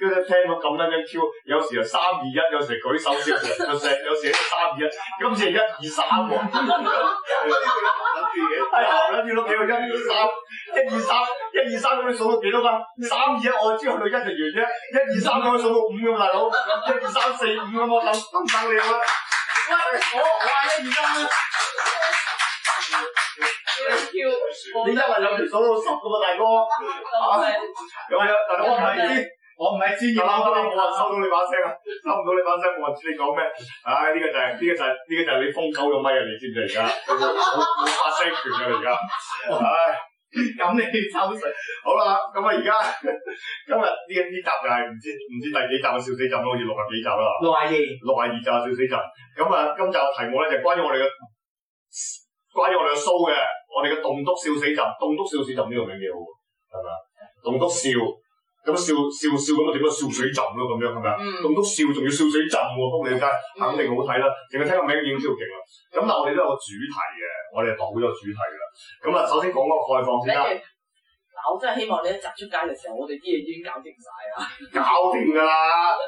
跟住聽到咁撚緊 Q，有時又三二一，有時舉手先，有時有時一三二一，今次係一二三喎，係啊，諗住攞幾個一二三，一二三，一二三咁你數到幾多分？三二一，我知去到一就完啫，一二三咁啲數到五咁大佬，一二三四五咁我等，都唔等你啦，喂，我我係一二三啦你一唔有啊？你數到十嘅喎，大哥，啊，有冇有，大佬，我佢啲。我唔係專業，收唔到你把聲啊！收唔到你把聲，冇人知你講咩。唉，呢個就係呢個就係呢個就係你封狗個咪啊！你 知唔知而家冇發聲權啊？而家？唉，咁你收聲。好啦，咁啊，而家今日呢呢集就係唔知唔知第幾集嘅笑死集啦，好似六十幾集啦。六十二，六十二集笑死集。咁啊，今集嘅題目咧就關於我哋嘅，關於我哋嘅騷嘅，我哋嘅棟篤笑死集，棟篤棟篤 笑死集呢個名幾好喎，係咪啊？棟篤笑。咁笑笑笑咁啊，仲、嗯、要笑水浸咯，咁樣係咪啊？咁都笑，仲要笑水浸，扑你街，肯定好睇啦。淨係、嗯、聽個名已經超勁啦。咁、嗯、但係我哋都有個主題嘅，我哋係度好咗主題啦。咁啊、嗯，嗯、首先講嗰個概況先啦。嗱是，我真係希望你一集出街嘅時候，我哋啲嘢已經搞掂晒啊。搞掂噶啦，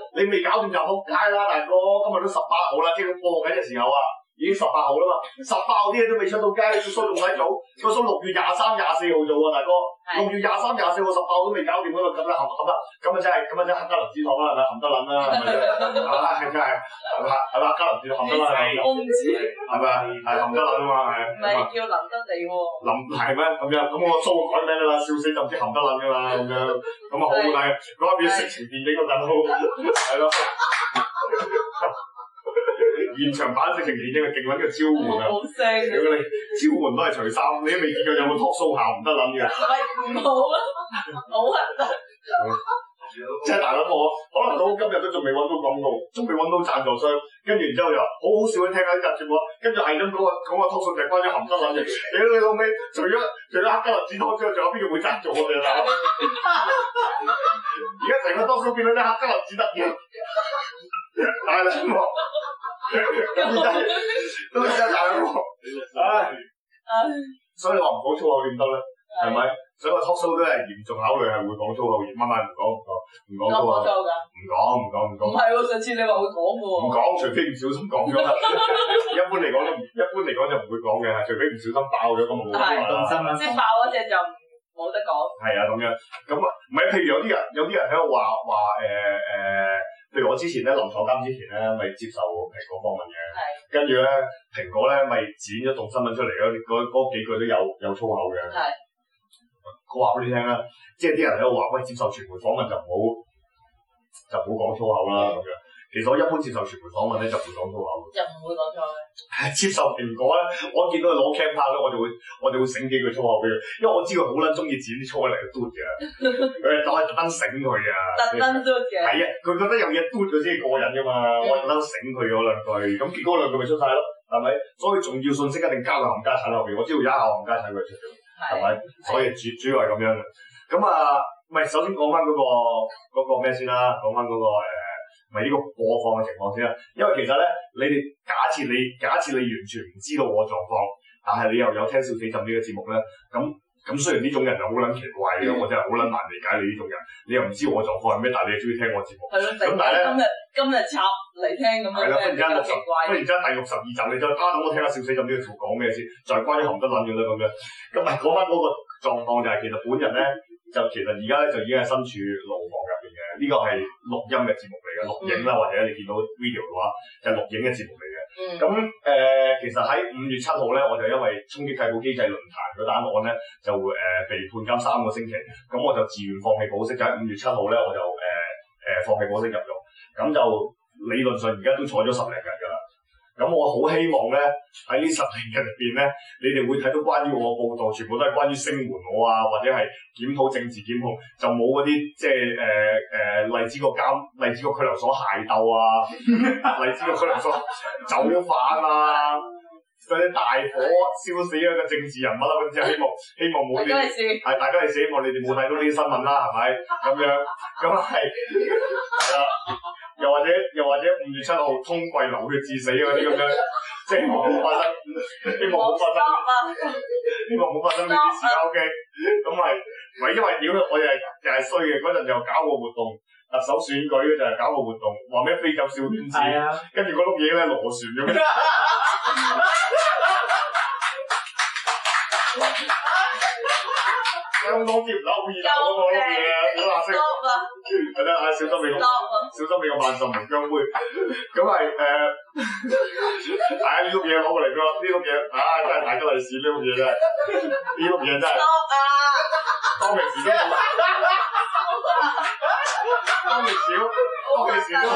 你未搞掂就扑街啦，大哥，哥。今日都十八號啦，即係佢播緊嘅時候啊。已經十八號啦嘛，十八號啲嘢都未出到街，個蘇仲使做，個蘇六月廿三廿四號做啊，大哥，六月廿三廿四號十八號都未搞掂嗰個咁啦，含含得，咁啊真係咁啊真係交林止糖啦，係咪含得捻啦，係咪真係係咪係林交流止含得捻啊，係咪係含得捻啊嘛，係叫林德利喎，林係咩咁樣？咁我蘇改名啦，笑死就唔知含得捻噶嘛，咁樣，咁啊好好睇，嗰一邊識全變幾個大佬，係咯。現場版直情演一個勁揾嘅招魂啊！好聲，如果你招魂都係除衫，你都未見過有冇托蘇下唔得撚嘅，係冇啊，冇啊！即係大佬我可能到今日都仲未揾到廣告，仲未揾到贊助商，跟住然之後就好好笑聽緊一陣全部，跟住係咁講話講話脫蘇就係關咗含得撚嘅！屌你老尾，除咗除咗黑膠粒子脫咗之後，仲有邊 個會贊助我哋？而家成個多蘇變到啲黑膠粒子得嘅， 大啦！都得，都得，大鑊，唉唉，所以你話唔講粗口點得咧？係咪？所以我個 talk show 都係嚴重考慮係會講粗口，慢慢唔講，唔講，唔講粗口噶？唔講，唔講，唔講。唔係上次你話會講嘅喎。唔講，除非唔小心講咗。一般嚟講都，一般嚟講就唔會講嘅，除非唔小心爆咗，咁就冇啦。係，即係爆嗰隻就冇得講。係啊，咁樣。咁啊，唔係，譬如有啲人，有啲人喺度話話誒誒。譬如我之前咧，臨坐監之前咧，咪接受蘋果訪問嘅，跟住咧蘋果咧咪剪咗段新聞出嚟咯，嗰幾句都有有粗口嘅。係，是的 我話俾你聽啦，即係啲人喺度話，喂，接受傳媒訪問就唔好就唔好講粗口啦咁樣。是的 其實我一般接受傳媒訪問咧，就唔會講粗口就唔會講粗口。接受蘋果咧，我見到佢攞 c a 鏡拍咧，我就會，我就會醒幾句粗口俾佢。因為我知佢好撚中意剪啲粗嚟嘟嘅，佢就係特登醒佢啊。特登篤嘅。係啊，佢覺得有嘢嘟，佢先過癮㗎嘛，嗯、我特登醒佢嗰兩句，咁結果嗰兩句咪出晒咯，係咪？所以重要信息一定交到冚家鏟後邊，我知道有一下冚家鏟佢出咗，係咪？所以主主要係咁樣嘅。咁啊，唔首先講翻嗰個嗰、嗰個咩先啦，講翻嗰個咪呢個播放嘅情況先啦，因為其實咧，你哋假設你假設你完全唔知道我狀況，但係你又有聽笑死浸呢個節目咧，咁咁雖然呢種人就好撚奇怪嘅，嗯、我真係好撚難理解你呢種人，你又唔知我狀況係咩，但係你又中意聽我節目，咁係啦，但係咧今日今日插嚟聽咁樣，係啦，忽然之間六十，忽然之間第六十二集，你再加等我聽下笑死浸呢個圖講咩先，就係關於洪德撚嘅啦咁樣，咁啊講翻嗰個狀況就係其實本人咧就其實而家咧就已經係身處牢房嘅。呢個係錄音嘅節目嚟嘅，錄影啦、嗯、或者你見到 video 嘅話，就係、錄影嘅節目嚟嘅。咁誒、嗯呃，其實喺五月七號咧，我就因為衝擊替補機制論壇嗰單案咧，就誒、呃、被判監三個星期。咁我就自願放棄保釋，就喺、係、五月七號咧，我就誒誒、呃、放棄保釋入獄。咁就理論上而家都坐咗十零日嘅。咁我好希望咧，喺呢十零日入邊咧，你哋會睇到關於我嘅報道，全部都係關於聲援我啊，或者係檢討政治檢控，就冇嗰啲即係誒誒，荔枝角監荔枝角拘留所械鬥啊，荔枝角拘留所走咗犯啊，嗰啲 大火燒死一個政治人物啦，咁即係希望希望冇你，係 大家係希望你哋冇睇到呢啲新聞啦、啊，係咪？咁樣咁係係啦。又或者又或者五月七號通貴流血致死嗰啲咁樣， 即係冇發生， 希望冇發生， 希望冇發生呢啲事。O K，咁係，咪因為屌、就是，我又又係衰嘅。嗰陣又搞個活動，特首選舉就係搞個活動，話咩飛禽小圈子，跟住嗰碌嘢咧螺旋咁。 香港啲唔嬲嘢多啊，好多黑色，係啦，小心美國，小心美國個萬壽眉將會咁係誒，啊呢樣攞嚟㗎，呢樣啊真係大吉利是，呢樣嘢真係，呢樣嘢真係，多啊，當其時都，當其時都，當其時都，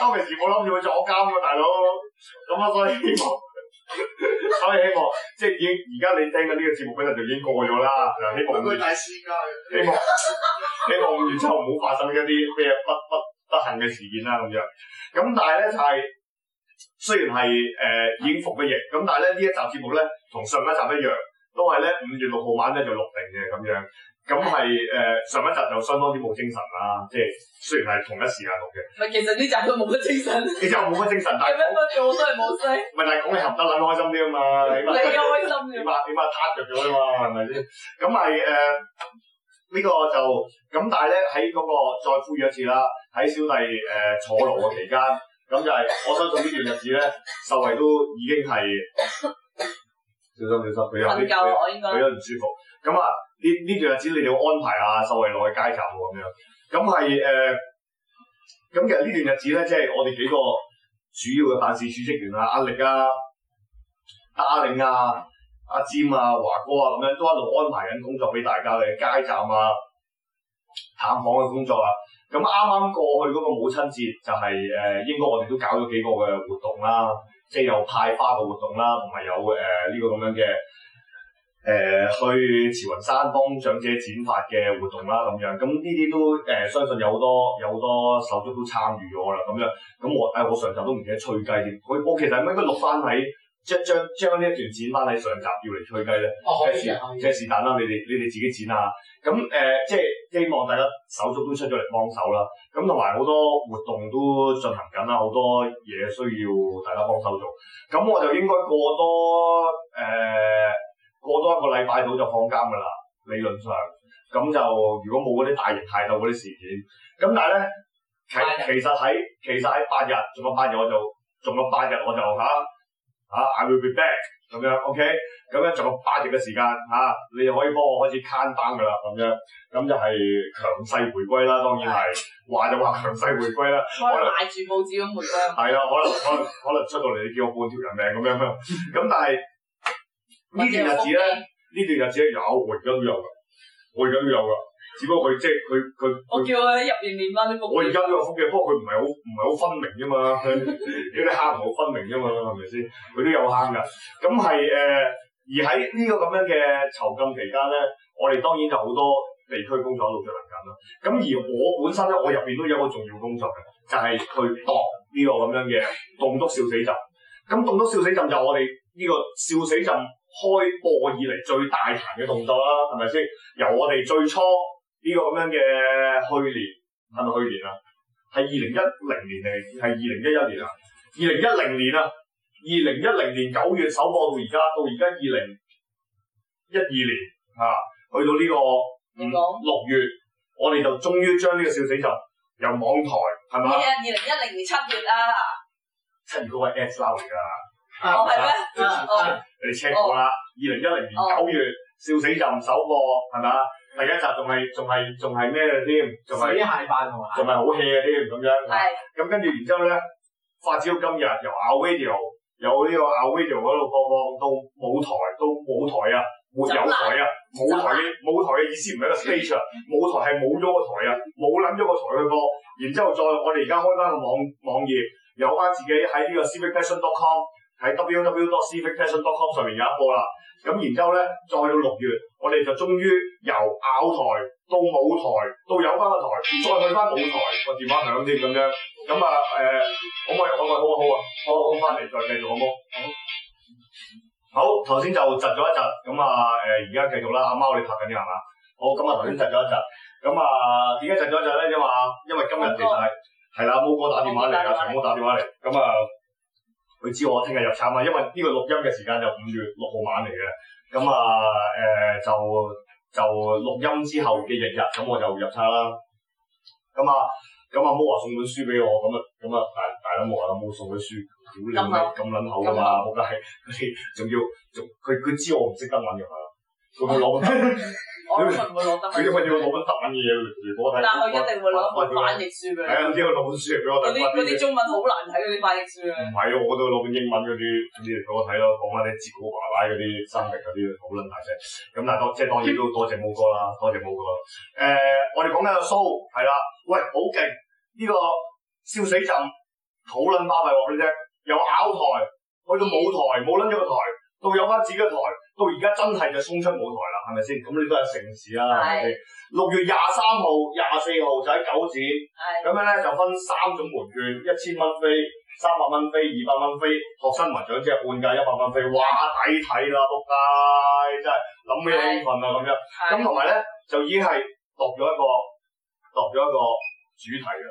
當其時我諗住去坐監㗎，大佬，咁啊所以。所以希望即係已經而家你聽緊呢個節目，其實就已經過咗啦。嗱，希望五月，會會大啊，希望 希望五月之後唔好發生一啲咩不不不幸嘅事件啦咁樣。咁但係咧就係、是、雖然係誒、呃、已經服咗役，咁但係咧呢一集節目咧同上一集一樣，都係咧五月六號晚咧就錄定嘅咁樣。咁係誒上一集就相當啲冇精神啦，即係雖然係同一時間錄嘅。唔係，其實呢集都冇乜精神。你知我冇乜精神， 嗎但係有乜分別？我真係冇西。唔係、嗯這個，但係講你鹹得，諗開心啲啊嘛。你又開心嘅？點啊？點啊？攤著咗啊嘛，係咪先？咁係誒呢個就咁，但係咧喺嗰個再呼籲一次啦。喺小弟誒、呃、坐牢嘅期間，咁 就係我相信呢段日子咧，受惠都已經係小心小心，比較啲比較唔舒服。咁啊，呢呢段日子你要安排下、啊、秀慧落去街站喎、啊，咁樣。咁係誒，咁其實呢段日子咧，即係我哋幾個主要嘅辦事處職員啊，阿力啊、阿、啊、玲啊、阿、啊、占啊、華哥啊，咁樣都喺度安排緊工作俾大家嘅街站啊、探訪嘅工作啊。咁啱啱過去嗰個母親節就係、是、誒，應、呃、該我哋都搞咗幾個嘅活動啦、啊，即係有派花嘅活動啦、啊，同埋有誒呢、呃這個咁樣嘅。誒、呃、去慈雲山幫長者剪髮嘅活動啦，咁樣咁呢啲都誒、呃，相信有好多有好多手足都參與咗啦，咁樣咁我誒、哎、我上集都唔記得吹雞添，我我其實應該錄翻喺將將將呢一段剪翻喺上集要嚟吹雞咧，哦，可以啊，是但啦，你哋你哋自己剪下。咁誒、呃、即係希望大家手足都出咗嚟幫手啦，咁同埋好多活動都進行緊啦，好多嘢需要大家幫手做，咁我就應該過多誒，呃呃過多一個禮拜到就放監噶啦，理論上，咁就如果冇嗰啲大型械鬥嗰啲事件，咁但係咧，其其實喺其實喺八日，仲有八日我就仲有八日我就吓吓、啊、I will be back 咁樣，OK，咁樣仲有八日嘅時間吓、啊，你就可以幫我開始攤單噶啦，咁樣，咁就係強勢回歸啦，當然係，的話就話強勢回歸啦， 我可以賣住報紙咁回歸，係啊，可能 可能可能，可能出到嚟你叫我半條人命咁樣，咁 但係。呢段日子咧，呢段日子咧，有，我而家都有噶，我而家都有噶。只不過佢即係佢佢我叫佢喺入邊練翻啲腹肌。我而家都有腹肌，不過佢唔係好唔係好分明啫嘛，啲坑唔好分明啫嘛，係咪先？佢都有坑㗎。咁係誒，而喺呢個咁樣嘅囚禁期間咧，我哋當然就好多地區工作喺度進行緊啦。咁而我本身咧，我入邊都有一個重要工作嘅，就係、是、去度呢個咁樣嘅棟篤笑死陣。咁棟篤笑死陣就我哋呢個笑死陣。開播以嚟最大彈嘅動作啦，係咪先？由我哋最初呢個咁樣嘅去年，係咪去年啊？係二零一零年嚟，係二零一一年啊？二零一零年啊，二零一零年九月首播到而家，到而家二零一二年啊，去到呢、這個、嗯、說六月，我哋就終於將呢個消息就由網台係咪？係啊，二零一零年七月啊，七月都係 a 撈嚟噶，哦係咩？哦、oh。你哋 check 過啦，二零一零年九月、oh. 笑死就唔首播，係咪？第一集仲係仲係仲係咩㗎？添仲係啲閪扮同埋，仲係好 hea 嗰啲咁樣。係咁跟住，然之後咧發展到今日，由 radio 由呢個 radio 嗰度放放到舞台到舞台，台啊，沒有台啊，舞了台嘅舞了台嘅意思唔係一個 stage，、啊、 舞台係冇咗個台啊，冇諗咗個台去播。然之後再我哋而家開翻個網網頁，有翻自己喺呢個 curation.com。喺 www.civicpassion.com 上面有一個啦，咁然之後咧，再到六月，我哋就終於由拗台到舞台，到，台到有翻個台，再去翻舞台，個電話響添咁樣。咁啊誒，好唔好？好啊，好？好啊好啊，我翻嚟再繼續一播。好，好，頭先就窒咗一窒，咁啊誒，而家繼續啦。阿貓你拍緊啲係嘛？好，咁啊頭先窒咗一窒，咁啊點解窒咗一窒咧、嗯？因為因為今日其實係，係啦、哦，冇毛哥打電話嚟啊，阿長哥打電話嚟，咁、嗯、啊。嗯佢知我聽日入差嘛？因為呢個錄音嘅時間就五月六號晚嚟嘅，咁啊，誒、呃，就就錄音之後嘅日日，咁我就入差啦。咁啊，咁啊，冇話送本書俾我，咁啊，咁啊，大大佬冇話有冇送本書，屌是你嘅，咁撚口噶嘛，我覺得係，佢仲要，仲佢佢知我唔識得揾噶嘛。佢唔會攞本，佢點會要攞本蛋嘢嚟直播睇？但係佢一定會攞本翻譯書俾你。係啊，呢攞本書俾我睇啲。嗰啲中文好難睇，嗰啲翻譯書啊。唔係，我都攞本英文嗰啲嗰啲俾我睇咯。講翻啲《吉古娃娃》嗰啲生力嗰啲好卵大隻，咁但係當即係當然都多謝冇哥啦，多謝冇哥。誒，我哋講緊阿蘇係啦，喂，好勁！呢個笑死朕，好卵巴閉喎嘅啫！又咬台，去到舞台冇撚咗個台。到有翻自己台，到而家真係就松出舞台啦，係咪先？咁你都係城市啦，係咪六月廿三號、廿四號就喺九展，咁樣咧就分三種門券：一千蚊飛、三百蚊飛、二百蚊飛。學生文雀即係半價，一百蚊飛，哇，抵睇啦，仆街！真係諗起興奮啊咁樣。咁同埋咧，就已經係落咗一個落咗一個主題啦，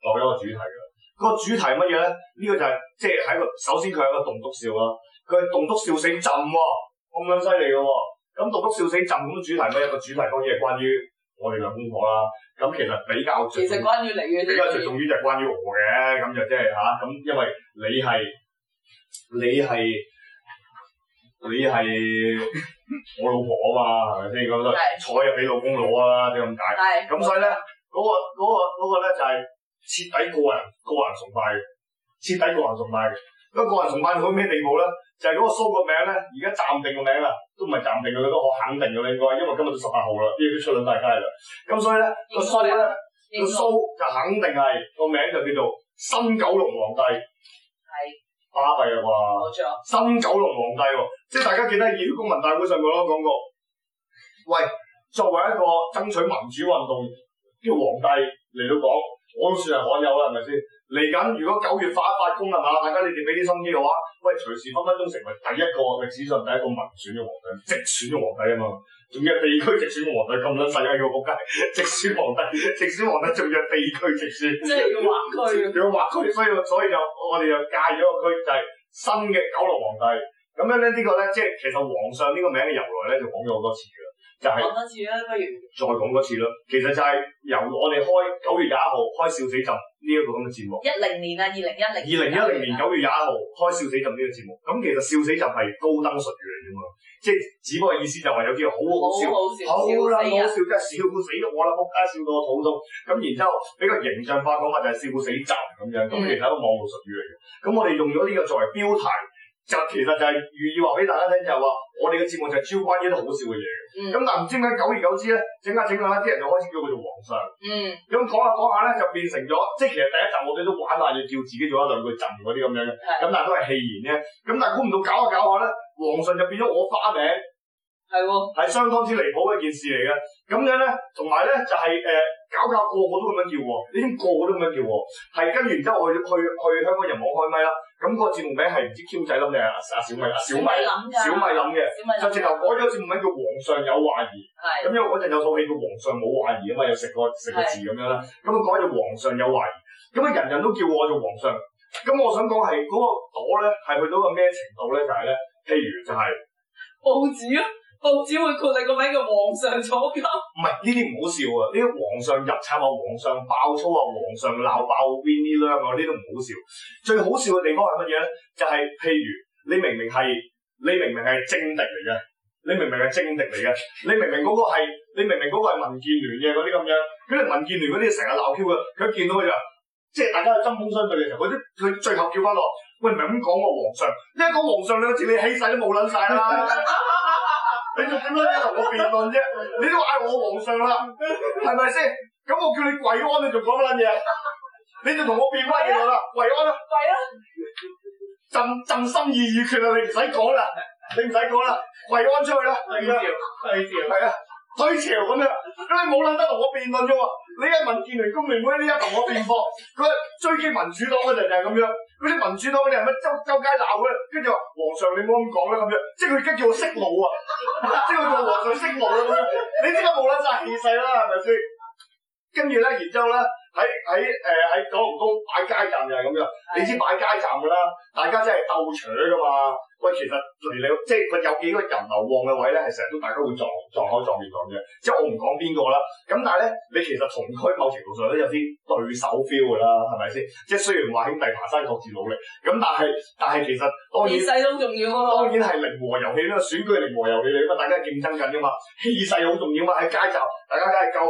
落咗一個主題啦。個主題乜嘢咧？呢個就係即係喺個首先佢係一個棟篤笑啦。佢係棟篤笑死朕喎、啊，咁樣犀利嘅喎，咁棟篤笑死朕咁樣主題咧，一個主題當然係關於我哋兩公婆啦。咁其實比較重，其實關於你，嘅，比較最重要就係關於我嘅。咁就即係吓，咁、啊、因為你係你係你係我老婆啊嘛，係咪先？咁都坐一日俾老公攞啊，即係咁解。係咁的所以咧，嗰、那個嗰、那個嗰、那個咧就係、是、徹底個人個人崇拜嘅，徹底個人崇拜一個個人崇拜到咩地步咧？就係、是、嗰個蘇個名咧，而家暫定個名啦，都唔係暫定嘅，都可肯定嘅應該，因為今日到十八號啦，啲都出兩大街啦。咁所以咧，個蘇咧，個蘇就肯定係個名就叫做新九龍皇帝，係是，巴閉啊啩，錯新九龍皇帝，哦，即係大家記得義勇公民大會上都講過，喂，作為一個爭取民主運動呢個皇帝嚟到講。我都算係罕有啦，係咪先？嚟緊如果九月發一發功啊嘛，大家你哋俾啲心機嘅話，喂，隨時分分鐘成為第一個歷史上第一個民選嘅皇帝，直選嘅皇帝啊嘛。仲有地區直選皇帝咁撚世界嘅國家，直選皇帝，直選皇帝仲要地區直選，即係要劃區，要劃區，所以所以就我哋就界咗個區，就係、是、新嘅九龍皇帝。咁樣咧，這個、呢個咧即係其實皇上呢個名嘅由來咧，就講咗好多次㗎啦。講多次啦，不如再講多次啦。其實就係由我哋開九月廿一號開笑死朕呢一個咁嘅節目。一零年啊，二零一零二零一零年九月廿一號開笑死朕呢個節目。咁其實笑死朕係高登術語嚟啫嘛，即係只不過意思就係有啲嘢好,好好笑，好啦，笑啊、好,啦好笑真係笑死我啦，仆街笑到我肚痛。咁然之後比較形象化講法就係笑死朕咁樣，咁、嗯、其實係一個網絡術語嚟嘅。咁我哋用咗呢個作為標題。就其實就係預預話俾大家聽，就係話我哋嘅節目就係招翻啲好笑嘅嘢嘅。咁、嗯、但唔知點解久而久之咧，整下整下啲人就開始叫佢做皇上。嗯。咁講下講下咧，就變成咗，即係其實第一集我哋都玩下，要叫自己做一兩個朕嗰啲咁樣嘅。咁但係都係戲言啫。咁但係估唔到搞下搞下咧，皇上就變咗我花名。係喎，係相當之離譜嘅一件事嚟嘅。咁樣咧，同埋咧就係、是、誒、呃，搞搞個個都咁樣叫喎，呢啲個個都咁樣叫喎。係跟住然之後去去去香港人網開咪啦。咁、那個節目名係唔知 Q 仔諗定阿小米啊小米諗嘅，就直頭改咗個節目名叫皇上有懷疑。係咁因為嗰陣有套戲叫皇上冇懷疑啊嘛，又食個食個字咁樣啦。咁啊改咗「皇上有懷疑。咁啊是是，人人都叫我做皇上。咁我想講係嗰個朵咧，係去到個咩程度咧？就係、是、咧，譬如就係、是、報紙啊。只會括你個名叫皇上草根，唔係呢啲唔好笑啊！呢啲皇上入插啊，皇上爆粗啊，皇上鬧爆邊啲呢？呢啲都唔好笑。最好笑嘅地方係乜嘢咧？就係、是、譬如你明明係你明明係政敵嚟嘅，你明明係政敵嚟嘅，你明明嗰個係你明明嗰個係民建聯嘅嗰啲咁樣，咁啲民建聯嗰啲成日鬧 Q 嘅，佢一見到佢就即係大家針鋒相對嘅時候，佢啲，佢最後叫翻落喂唔係咁講個皇上，你一講皇上兩字，你氣勢都冇捻晒啦。 你就點樣啫同我辯論啫？你都嗌我皇上啦，係咪先？咁我叫你跪安，你仲講乜嘢？你就同我辯乜嘢啦？跪安啦，跪啦，朕朕心意已決啦，你唔使講啦，你唔使講啦，跪安出去啦，第二條，第二條，係啊。推潮咁樣，樣，咁你冇諗得同我辯論啫喎！你一民建聯公明為，呢，一同我辯駁，佢追擊民主黨咧就就係咁樣，嗰啲民主黨你係乜周周街鬧嘅？跟住話皇上你冇咁講啦咁樣，即係佢而家叫我息怒啊， 即係佢叫我皇上息怒啦咁樣，你即刻冇諗晒氣勢啦係咪先？跟住咧，然之後咧。喺喺誒喺九龍東擺街站就係咁樣，的你知擺街站噶啦，大家真係鬥搶噶嘛。喂，其實嚟嚟即係佢有幾個人流旺嘅位咧，係成日都大家會撞撞開撞面撞嘅。即係我唔講邊個啦，咁但係咧，你其實同區某程度上都有啲對手 feel 噶啦，係咪先？即係雖然話兄弟爬山各自努力，咁但係但係其實當然氣勢都好重要。當然係零和遊戲啦，選舉零和遊戲，因為大家競爭緊啊嘛，氣勢好重要嘛，喺街站大家梗係鬥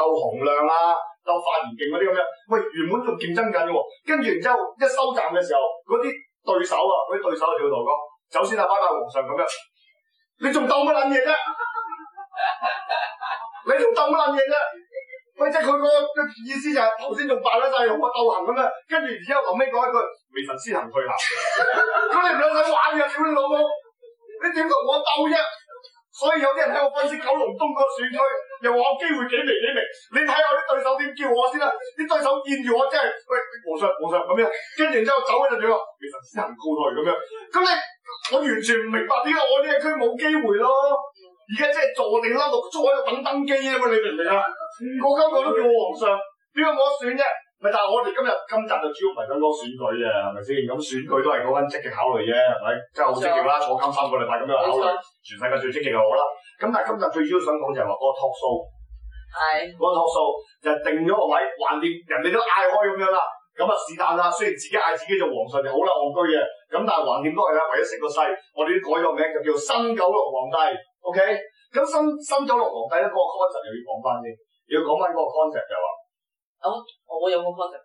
鬥洪亮啦。鬥法言勁嗰啲咁樣，喂，原本仲競爭緊嘅，跟住然之後一收站嘅時候，嗰啲對手啊，嗰啲對手就同我講，走先啦、啊，拜拜皇上咁樣，你仲鬥乜撚嘢啫？你仲鬥乜撚嘢啫？喂，即係佢個意思就係頭先仲扮咗晒，用我鬥行咁啦，跟住然之後後尾講一句，微臣先行退下。咁你唔想玩嘅，屌你老母！你點同我鬥啫？所以有啲人喺我分析九龍東嗰個選區。又話我機會幾微幾微，你睇下我啲對手點叫我先啦？啲對手見住我真係喂，皇上皇上咁樣，跟住然之後走喺度仲話其實施行高台咁樣。咁你我完全唔明白點解我呢個區冇機會咯？而家即係坐定啦，六足喺度等登基啊嘛？你明唔明啊？個個都叫我皇上，點解的我選啫？咪但係我哋今日今集就主要唔係咁多選舉嘅，係咪先？咁選舉都係嗰班積極考慮啫，係咪真係好積極啦，的坐金身個禮拜咁樣考慮，的全世界最積極嘅我啦。咁但係今日最主要想講就係話個托數的，係個托數就定咗個位，橫掂人哋都嗌開咁樣啦。咁啊是但啦，雖然自己嗌自己做皇上就好啦，戇居嘅。咁但係橫掂都係啦，為咗食個勢，我哋都改咗名，就叫新九龍皇帝。O、okay? K。咁新新九龍皇帝咧，嗰、那個 concept 又要講翻先，要講翻嗰個 concept 就話、是，啊、哦、我，我有個 concept。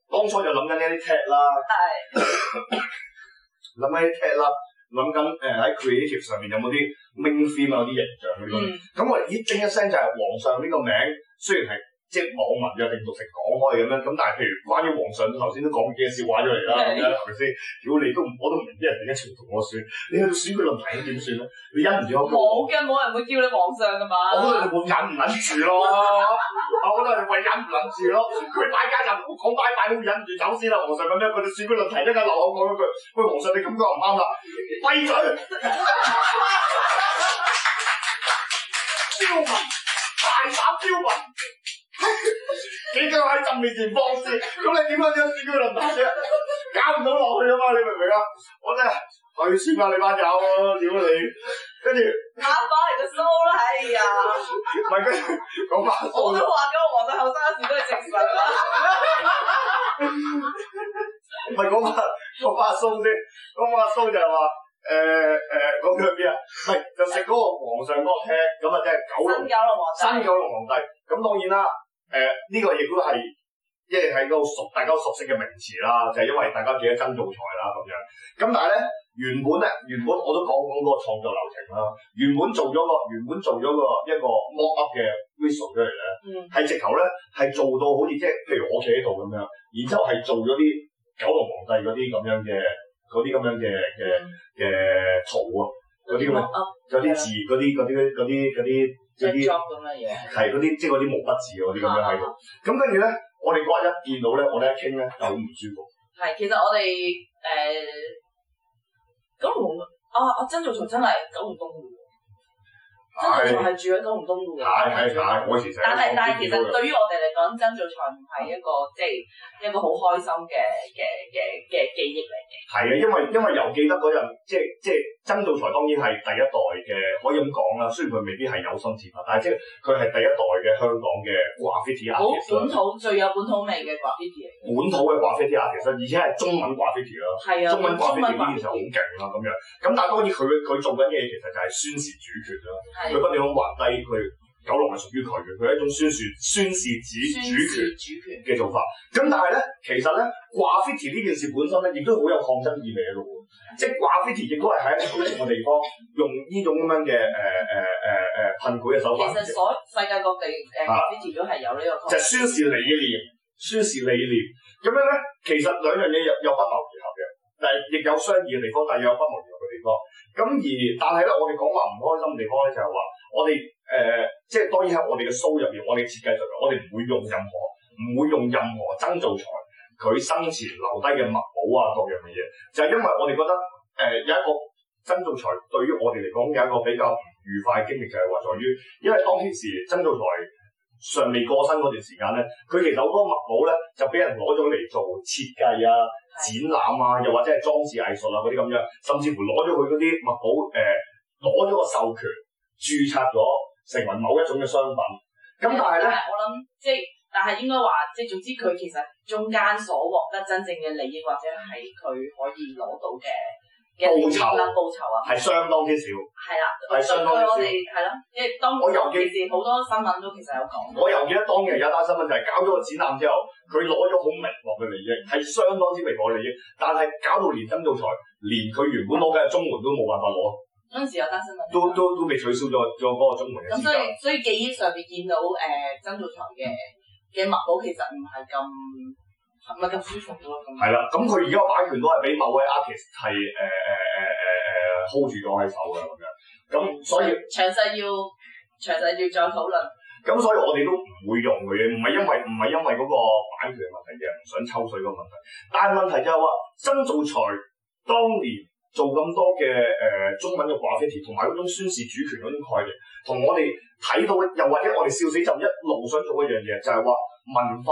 當初就諗緊呢啲 tag 啦，諗緊啲 tag 啦，諗緊誒喺 creative 上面有冇啲名詞啊？有啲形象咁，咁我咦叮一聲就係皇上呢個名，雖然係。即網民約定俗成講開咁樣，咁但係譬如關於皇上，頭先都講幾個笑話出嚟啦，咁樣係咪先？如果你都我都唔明啲人點解一齊同我説，你去選舉論題點算咧？你忍唔住可唔我驚冇的王人會叫你皇上㗎嘛？我覺得你會忍唔忍住咯， 我覺得你會忍唔撚住咯。佢大家就講拜拜，會忍唔住走先啦。皇上咁樣？佢哋選舉論題真係留我講一句，喂，皇上你咁講唔啱啦，閉嘴！彪大膽彪啊！幾斤喺朕面前放肆，咁你點樣想選佢皇帝啊？搞唔到落去啊嘛，你明唔明啊？我真係我要先阿你班友喎，屌你！跟住阿八，到你個蘇啦，哎呀，唔係跟住講八。講把我都話過，皇帝後生嗰時都係食屎。唔係講八，講阿蘇先，講阿蘇就話，誒誒，講咩咩啊？係就食嗰個皇上嗰、 呃呃、個食，咁啊即係九龍九龍皇帝，新九龍皇帝，咁當然啦、啊。誒呢個亦都係即係個熟大家熟悉嘅名詞啦，就係因為大家記得曾灶財啦咁樣。咁但係咧原本咧原本我都講過嗰個創作流程啦，原本做咗個原本做咗個一個 mock up 嘅 visual 出嚟咧，係直頭咧係做到好似即係譬如我企喺度咁樣，然之後係做咗啲九龍皇帝嗰啲咁樣嘅啲咁樣嘅嘅嘅圖啊，嗰啲咁，仲有啲字啲啲嗰啲。啲 job 咁嘅嘢，係嗰啲即係嗰啲毛筆字嗰啲咁樣喺度。咁跟住咧，我哋嗰日一見到咧，我哋一傾咧，就好唔舒服。係，其實我哋誒，金、呃、龍啊，阿曾灶財真係九龍東路，曾灶財係住喺九龍東路嘅。係係，我時時。但係但係，其實對於我哋嚟講，曾灶財唔係一個即係、就是、一個好開心嘅嘅嘅嘅記憶嚟嘅。係啊，因為因為又記得嗰陣，即係即係。就是曾灶財當然係第一代嘅，可以咁講啦。雖然佢未必係有心自拍，但係即係佢係第一代嘅香港嘅華菲地亞。本土最有本土味嘅華菲地亞。本土嘅華菲地亞其實，而且係中文華菲地啊。係啊，中文華菲呢件事好勁啊，咁樣。咁但係當然佢佢做緊嘢其實就係宣示主權啦。佢、啊、不嬲畫低佢。九龍係屬於台源，佢係一種宣説、宣示主主權嘅做法。咁但係咧，其實咧，graffiti 呢件事本身咧，亦都好有抗爭意味嘅喎。即係 graffiti 亦都係喺一個唔同嘅地方用呢種咁樣嘅誒誒誒誒噴佢嘅手法。其實所世界各地誒 graffiti 都係有呢個。就係宣示理念，宣示理念。咁樣咧，其實兩樣嘢又又不謀而合嘅，但係亦有相異嘅地方，但係有不謀而合。咁、嗯、而，但係咧，我哋講話唔開心嘅地方咧，就係話我哋誒，即係當然喺我哋嘅 show 入面，我哋設計上係我哋唔會用任何唔、嗯、會用任何曾灶財，佢生前留低嘅墨寶啊，各樣嘅嘢，就係、是、因為我哋覺得誒、呃、有一個曾灶財對於我哋嚟講有一個比較唔愉快嘅經歷，就係話在於，因為當時曾灶財尚未過身嗰段時間咧，佢其實好多墨寶咧就俾人攞咗嚟做設計啊。是展覽啊，又或者係裝置藝術啊嗰啲咁樣，甚至乎攞咗佢嗰啲墨寶，誒、呃，攞咗個授權，註冊咗成為某一種嘅商品。咁但係咧，我諗即係，但係應該話即係，總之佢其實中間所獲得真正嘅利益，或者係佢可以攞到嘅。報酬啊報酬啊係相當之少係啦係相當之少係咯即係當其時好多新聞都其實有講我尤其咧當其時有單新聞就係搞咗個展覽之後佢攞咗好微薄嘅利益係相當之微薄嘅利益但係搞到連曾灶財連佢原本攞嘅綜援都冇辦法攞嗰陣時有單新聞都都都被取消咗咗嗰個綜援咁所以所以,所以記憶上邊見到誒曾灶財嘅嘅脈搏其實唔係咁。係咪咁舒服咯，咁係啦，咁佢而家個版權都係俾某位 artist 係誒誒、呃、誒誒、呃、誒 hold 住咗喺手嘅，咁樣，咁所以詳細要詳細要再討論。咁所以我哋都唔會用嘅嘢，唔係因為唔係因為嗰個版權問題嘅，唔想抽水個問題。但係問題就話、是，曾灶財當年做咁多嘅誒、呃、中文嘅華費碟，同埋嗰種宣示主權嗰種概念，同我哋睇到，又或者我哋笑死就一路想做一樣嘢，就係、是、話文化。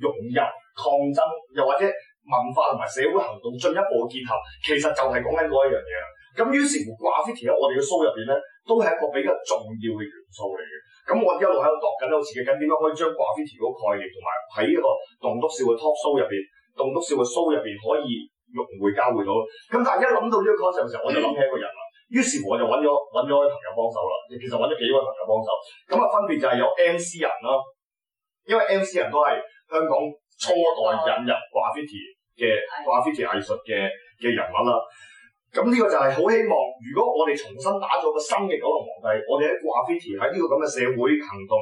融入抗爭，又或者文化同埋社會行動進一步嘅結合，其實就係講緊嗰一樣嘢啦。咁於是乎，掛 fit 我哋嘅 show 入邊咧，都係一個比較重要嘅元素嚟嘅。咁我一路喺度度緊，我自己緊點樣可以將掛 fit 嗰個概念同埋喺一個棟篤笑嘅 talk show 入邊，棟篤笑嘅 show 入邊可以融匯交匯到。咁但係一諗到呢個 concept 嘅時候，我就諗起一個人啦。於是乎，我就揾咗揾咗朋友幫手啦。其實揾咗幾位朋友幫手。咁啊，分別就係有 M C 人啦，因為 M C 人都係。香港初代引入掛 f i t 嘅掛 f i t 藝術嘅嘅人物啦，咁呢個就係好希望，如果我哋重新打造個新嘅九龍皇帝，我哋喺掛 f i t 喺呢個咁嘅社會行動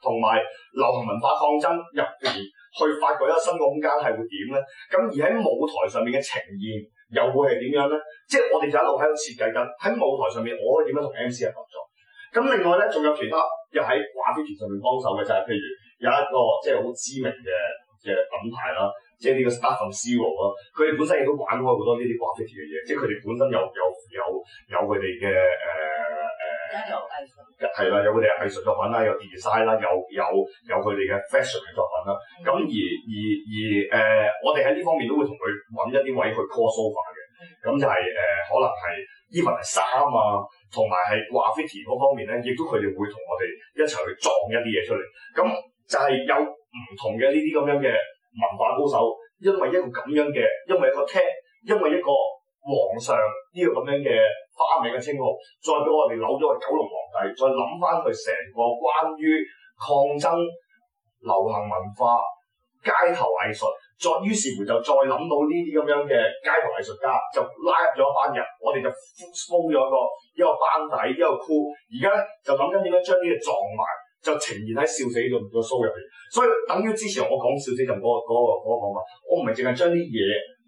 同埋流行文化抗爭入邊去發掘一個新嘅空間係會點咧？咁而喺舞台上面嘅呈現又會係點樣咧？即、就、係、是、我哋就一路喺度設計緊喺舞台上面，我可以點樣同 M C 合作？咁另外咧，仲有其他又喺掛 f i t 上面幫手嘅就係、是、譬如。有一個即係好知名嘅嘅品牌啦，即係呢個 Stephen Swo 啦，佢哋本身亦都玩開好多呢啲掛飛條嘅嘢，即係佢哋本身有有有有佢哋嘅誒誒，而家有藝術，係啦，有佢哋嘅藝術作品啦，有 design 啦，有有有佢哋嘅 fashion 嘅作品啦，咁、嗯、而而而誒、呃，我哋喺呢方面都會同佢揾一啲位去 call sofa 嘅，咁就係、是、誒、呃、可能係衣裙啊衫啊，同埋係掛飛條嗰方面咧，亦都佢哋會同我哋一齊去撞一啲嘢出嚟，咁、嗯。就係有唔同嘅呢啲咁樣嘅文化高手，因為一個咁樣嘅，因為一個聽，因為一個皇上呢個咁樣嘅花名嘅稱號，再俾我哋扭咗個九龍皇帝，再諗翻佢成個關於抗爭流行文化、街頭藝術，再於是乎就再諗到呢啲咁樣嘅街頭藝術家，就拉入咗班人，我哋就瘋咗個一個班底，一個 crew，而家就諗緊點樣將呢個撞埋。就呈現喺笑死 show 入面，所以等於之前我講笑死就嗰個嗰、嗰個嗰個講法，我唔係淨係將啲嘢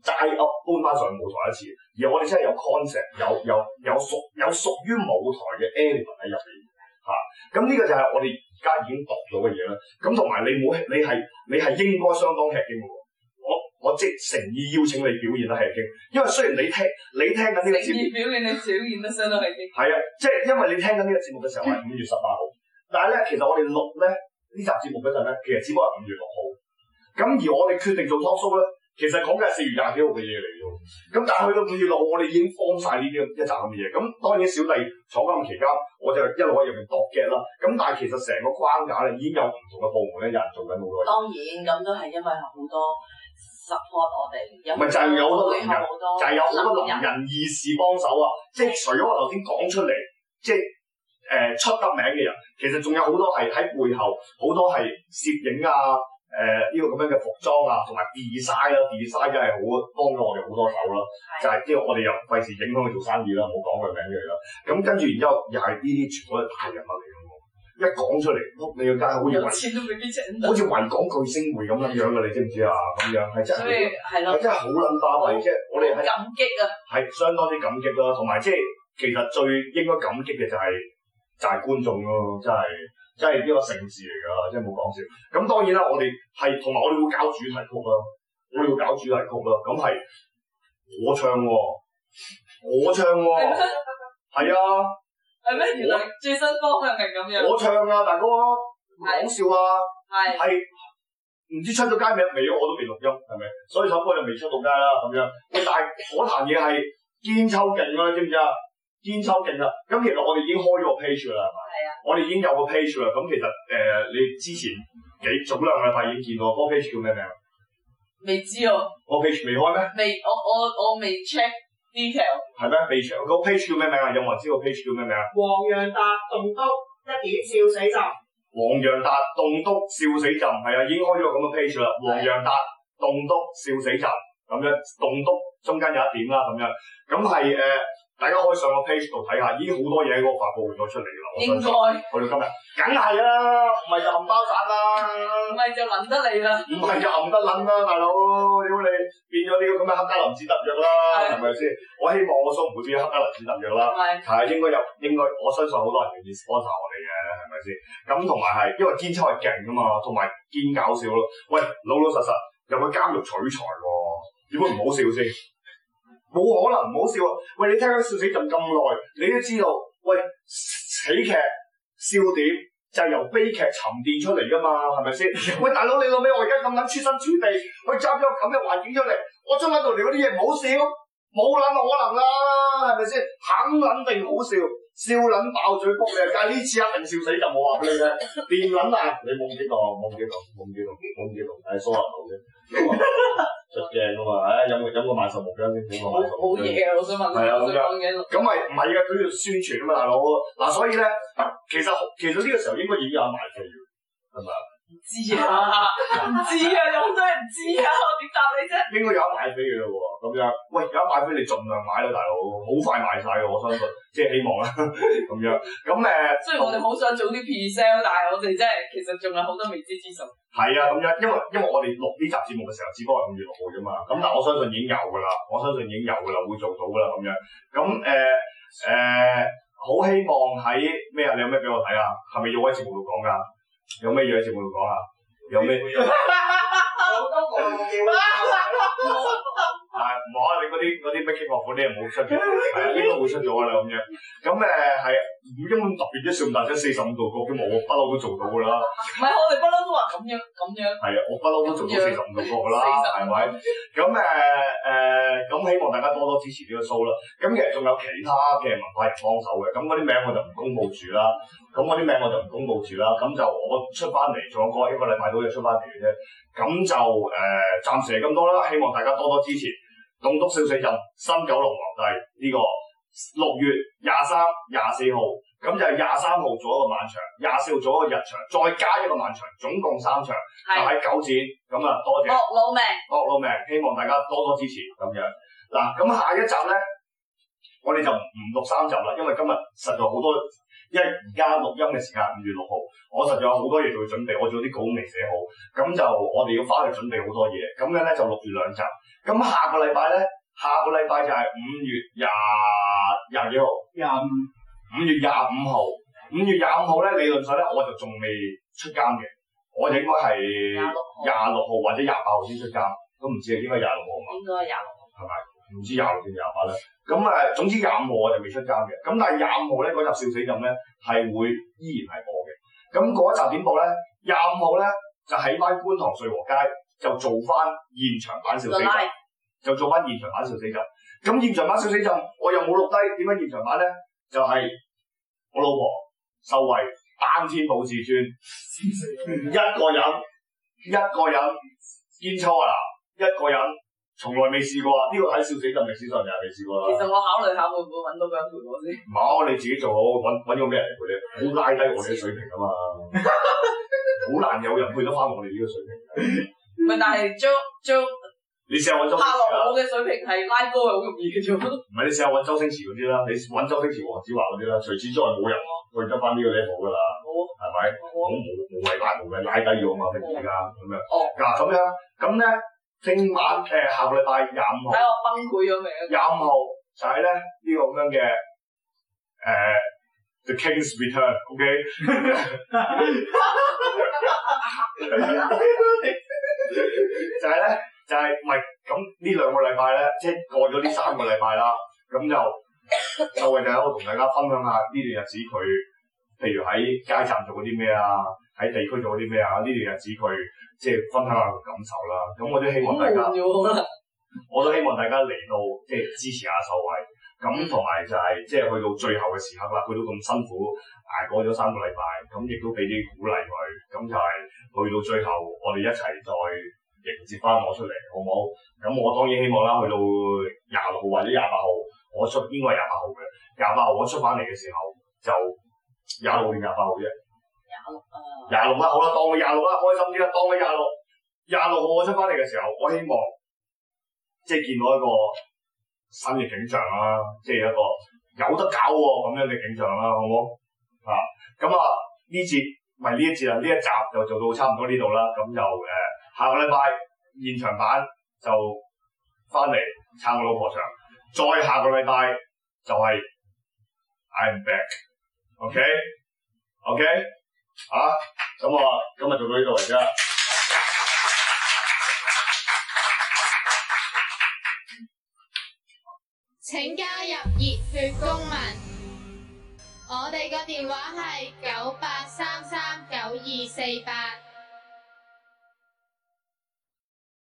帶 Up 搬翻上舞台一次，而我哋真係有 concept，有有有，有屬有屬於舞台嘅 element 喺入面嚇。咁、啊、呢個就係我哋而家已經讀到嘅嘢啦。咁同埋你冇你係你係應該相當吃驚喎。我我即誠意邀請你表現得吃驚，因為雖然你聽你聽緊呢個節目，表演你表現得相當吃驚。係 啊，即、就、係、是、因為你聽緊呢個節目嘅時候係五、嗯、月十八號。但係咧，其實我哋錄咧呢集節目嗰陣咧，其實只不過係五月六號。咁而我哋決定做 talk show 咧，其實講嘅係四月廿幾號嘅嘢嚟嘅。咁但係去到五月六號，我哋已經放晒呢啲一集咁嘅嘢。咁當然小弟坐監期間，我就一路喺入邊度 get 啦。咁但係其實成個框架咧，已經有唔同嘅部門咧，有人做緊好多嘢。當然，咁都係因為好多 support 我哋，唔係就係、是、有好多能人，人，人，人，就係、是、有好多能人義士幫手啊！即係除咗我頭先講出嚟，即係誒、呃、出得名嘅人。其實仲有好多係喺背後，好多係攝影啊，誒呢個咁樣嘅服裝啊，同埋 design 啊。design 真係好幫咗我哋好多手啦，啊，是的 就係即係我哋又費事影響佢做生意啦，唔好講佢名出嚟啦。咁跟住然之後又係呢啲全部都係大人物嚟嘅，一講出嚟，屋你個街口會好似維港巨星匯咁樣樣嘅，你知唔知啊？咁樣係真係，係啦，真係好冧巴喎，即係我哋係感激啊，係相當之感激啦，同埋即係其實最應該感激嘅就係、是。就係觀眾咯，真係真係呢個城市嚟㗎，真係冇講笑。咁當然啦，我哋係同埋我哋會搞主題曲咯，我哋會搞主題曲咯。咁係我唱喎，我唱喎，係 嗎啊，係咩？原來最新方向係咁樣 我。我唱啊，大哥、那個，唔係講笑啊，係係唔知出咗街未未啊，我都未錄音，係咪？所以首歌又未出到街啦，咁樣。但係嗰壇嘢係堅湊勁啊，知唔知啊？堅秋勁啦！咁其實我哋已經開咗個 page 啦，係嘛？係啊，我哋已經有個 page 啦。咁其實誒、呃，你之前幾總量嘅話已經見過嗰個 page 叫咩名？未知啊，個 page 未開咩？未，我我我未 check detail。係咩？未 check 個 page 叫咩名啊？有冇人知道個 page 叫咩名啊？黃洋達棟篤一點笑死朕、嗯。黃洋達棟篤笑死朕，係啊，已經開咗個咁樣 page 啦。黃洋達棟篤笑死朕，咁樣棟篤中間有一點啦，咁樣咁係誒。.大家可以上個 page 度睇下，已經好多嘢我發布咗出嚟啦。我應該，去到今日，梗係啦，唔係就冚包散啦，唔係就諗得你啦，唔係就唔得諗啦，大佬，如果你變咗呢個咁嘅黑加侖子特約啦？係咪先？我希望我叔唔會變黑加侖子特約啦。係應該有，應該我相信好多人願意 sponsor 我哋嘅，係咪先？咁同埋係，因為堅秋係勁啊嘛，同埋堅搞笑咯。喂，老老實實入去監獄取材喎，點解唔好笑先？冇可能，唔好笑啊！喂，你聽佢笑死咁咁耐，你都知道，喂，喜劇笑點就係，由悲劇沉澱出嚟噶嘛，係咪先？ 喂，大佬你老味，我而家咁撚處身處地去摘咗咁嘅環境出嚟，我出捻度嚟啲嘢唔好笑，冇捻到可能啦，係咪先？肯定好笑，笑捻爆嘴福你啊！但係呢次一定笑死就冇話俾你聽，電捻啊！你冇幾多，冇幾多，冇幾多，冇幾多，太衰下到 出鏡啊嘛，唉、哎，有冇有冇賣獸木噶先？好嘢啊，我想問，嗯、我想問咁咪唔係噶，佢要宣傳啊嘛，大佬。嗱、啊，所以咧，其實其實呢個時候應該已經有賣嘅，係咪？知啊，唔知啊，咁真係唔知啊，我點、啊、答你啫？應該有得買飛嘅喎，咁樣、就是、喂，而家買飛你盡量買啦，大佬，好快賣晒嘅，我相信，即係希望啦，咁樣咁誒，嗯、雖然我哋好想做啲 P sell 但係我哋真係其實仲有好多未知之數。係啊，咁樣因為因為我哋錄呢集節目嘅時候只不過係五月六號啫嘛，咁但係我相信已經有噶啦，我相信已經有噶啦，會做到噶啦咁樣，咁誒誒，好、呃呃、希望喺咩啊？你有咩俾我睇啊？係咪要喺節目度講噶？有咩嘢就唔會講啦，有咩，啊，唔好啊，你嗰啲嗰啲北京樂府啲人冇出咗，係 啊，應該冇出咗啦咁樣，咁誒係。咁根本特別啲，上大聲四十五度角嘅舞，我不嬲都做到噶啦。唔係，我哋不嬲都話咁樣咁樣。係啊，我不嬲都做到四十五度角噶啦，係咪？咁誒誒，咁、呃呃、希望大家多多支持呢個 show 啦。咁其實仲有其他嘅文化人幫手嘅，咁嗰啲名我就唔公佈住啦。咁嗰啲名我就唔公佈住啦。咁就我出翻嚟，仲有過一個禮拜到出就出翻嚟嘅啫。咁就誒，暫時係咁多啦。希望大家多多支持《棟篤笑》新九龍皇帝呢、呢個。六月廿三、廿四號，咁就係廿三號做一個晚場，廿四號做一個日場，再加一個晚場，總共三場，的就喺九展，咁啊多謝，搏老命，搏老命，希望大家多多支持咁樣。嗱，咁下一集呢，我哋就唔錄三集啦，因為今日實在好多，因為而家錄音嘅時間五月六號，我實在有好多嘢做準備，我做啲稿未寫好，咁就我哋要返去準備好多嘢，咁樣呢，就六月兩集，咁下個禮拜呢。下個禮拜就係五月廿廿幾號，廿五月廿五號，五月廿五號咧，理論上咧我就仲未出監嘅，我就我應該係廿六號，或者廿八號先出監，都唔知係應該廿六號嘛，應該廿六號，係咪？唔知廿六定廿八咧？咁誒，總之廿五號我就未出監嘅，咁但係廿五號咧嗰集笑死咁咧係會依然係播嘅，咁嗰集點播咧？廿五號咧就喺翻觀塘瑞和街就做翻現場版笑死。就做翻現場版笑死朕，咁現場版笑死朕我又冇錄低，點解現場版咧？就係、是、我老婆秀慧，單天保至尊，一個人，一個人堅操啊，一個人，從來未試過，呢、這個喺笑死朕嘅歷史上未試過啦。過其實我考慮下會唔會揾到個人陪我先。好，你自己做好，揾揾個咩嚟陪你？好拉低我哋嘅水平啊嘛，好 難有人配得翻我哋呢個水平。唔係， 但係租租。你試下揾周星馳啦，拍落我嘅水平係拉歌係好容易嘅啫。唔係你試下揾周星馳嗰啲啦，你揾周星馳、黃子華嗰啲啦，除此之外冇人啊，我而家翻呢個 level 噶啦，係咪？我冇冇謂拉，冇謂拉低咗啊嘛，而家咁樣。哦，嗱咁樣，咁咧正晚誒，下個禮拜廿五號。睇我崩潰咗未？廿五號就係咧呢個咁樣嘅誒，The King’s Return，OK，就係咧。就係，唔係咁呢兩個禮拜咧，即係過咗呢三個禮拜啦，咁就就秀慧就我同大家分享下呢段日子佢，譬如喺街站做啲咩啊，喺地區做啲咩啊，呢段日子佢即係分享下個感受啦。咁我， 我都希望大家，我都希望大家嚟到即係支持下秀慧。咁同埋就係即係去到最後嘅時刻啦，佢都咁辛苦捱過咗三個禮拜，咁亦都俾啲鼓勵佢。咁就係去到最後，我哋一齊再迎接翻我出嚟，好唔好？咁我當然希望啦，去到廿六號或者廿八號，我出應該係廿八號嘅。廿八號我出翻嚟嘅時候，就廿六定廿八號啫。廿六啊！廿六啊，好啦，當我廿六啦，開心啲啦。當我廿六，廿六號我出翻嚟嘅時候，我希望即係見到一個新嘅景象啦，即係一個有得搞喎咁樣嘅景象啦，好唔好？嗯，啊，咁啊呢節咪呢一節啦，呢一集就做到差唔多呢度啦，咁就誒。下個禮拜現場版就翻嚟，撐我老婆場。再下個禮拜就係、是、I'm back，OK？OK？啊，咁我今日做到呢度而家。請加入熱血公民，我哋嘅電話係九八三三九二四八。